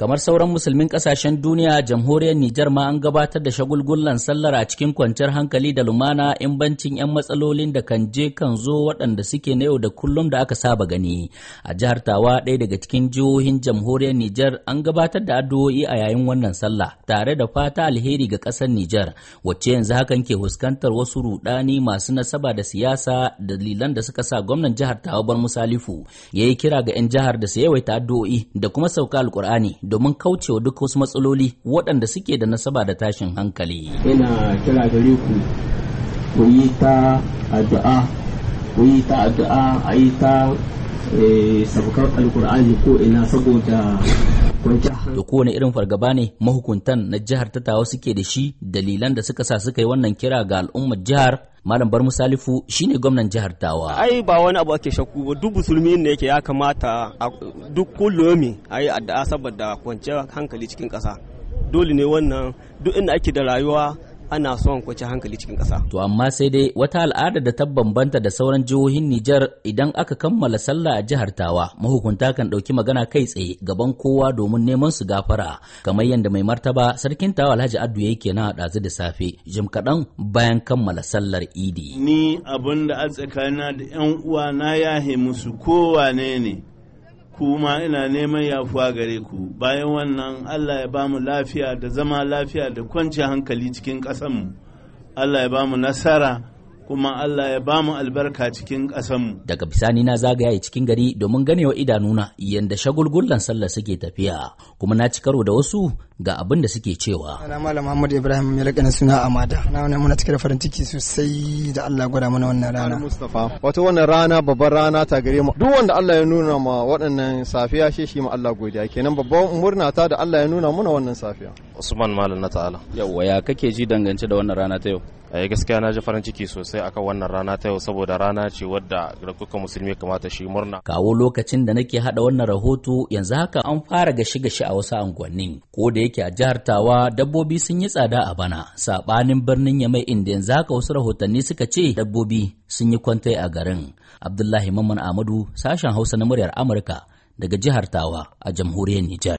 Kamar sauran musulmin ƙasashen duniya, jamhuriyar Nijar ma an gabatar da shagulgullan sallar a cikin kwanciyar hankali da lumana in bancin 'yan matsalolin da kan je kan zo waɗanda suke na yau da kullum da aka saba gani. A jihar Tawa ɗaya daga cikin jihohin jamhuriyar Nijar an gabatar da addu'o'i a yayin wannan sallah tare da fata alheri ga ƙasar Nijar, wacce yanzu hakan ke fuskantar wasu rudani masu nasaba da siyasa dalilan da suka sa gwamnan jihar Tawa Bar Musalifu ya yi kira ga 'yan jihar da su yawaita addu'o'i da kuma sauka alkur'ani domin kaucewa duk wasu matsaloli waɗanda suke da nasaba da tashin hankali. Ina kira gare ku ku yi ta addu'a ku yi ta addu'a a yi ta eh, sabukar alkur'ani ko ina saboda da kowane irin fargaba ne mahukuntan na jihar ta tawa suke da shi dalilan da suka sa suka yi wannan kira ga al'ummar jihar Malam bar Salifu ne gwamnan jihar Tawa. Ai ba wani abu ake shakku ba duk musulmi ne yake ya kamata duk kullomi a yi addu'a saboda kwanciyar hankali cikin ƙasa. Dole ne wannan duk inda ake da rayuwa ana son kwace hankali cikin ƙasa. To amma sai dai wata al'ada da ta bambanta da sauran jihohin Nijar idan aka kammala sallah a jihar Tawa mahukunta kan ɗauki magana kai tsaye gaban kowa domin neman su gafara kamar yadda mai martaba sarkin Tawa Alhaji Addu yake na ɗazu da safe jim kaɗan bayan kammala sallar Idi. Ni abun da a tsakanina da 'yan uwa na yahe musu kowane ne ku ma ina neman yafuwa gare ku bayan wannan allah ya bamu lafiya da zama lafiya da kwanci hankali cikin ƙasanmu allah ya bamu nasara kuma Allah ya ba mu albarka cikin ƙasanmu. Daga bisani na zagaya cikin gari domin ganewa idanuna yadda shagulgullan sallah suke tafiya kuma na ci karo da wasu ga abin da suke cewa. Ana malam Muhammad Ibrahim ya na suna Amada. Na wannan muna cike da farin ciki sosai da Allah gwada mana wannan rana. Mustafa. Wato wannan rana babban rana ta gare mu. Duk wanda Allah ya nuna ma waɗannan safiya shi shi ma Allah godiya kenan babban murna ta da Allah ya nuna muna wannan safiya. Usman Malam na ta'ala. Yawwa ya kake ji dangance da wannan rana ta yau? A eh, yi gaskiya na ji farin ciki sosai akan wannan rana ta yau saboda rana ce wadda garkuka musulmi kamata shi murna. Kawo lokacin da nake haɗa wannan rahoto yanzu haka an fara gashi gashi a wasu unguwanni. Ko da yake a jihar Tawa dabbobi sun yi tsada a bana saɓanin birnin Yamai inda yanzu haka wasu rahotanni suka ce dabbobi sun yi kwantai a garin. Abdullahi Mamman Ahmadu sashen Hausa na muryar Amurka daga jihar Tawa a jamhuriyar Nijar.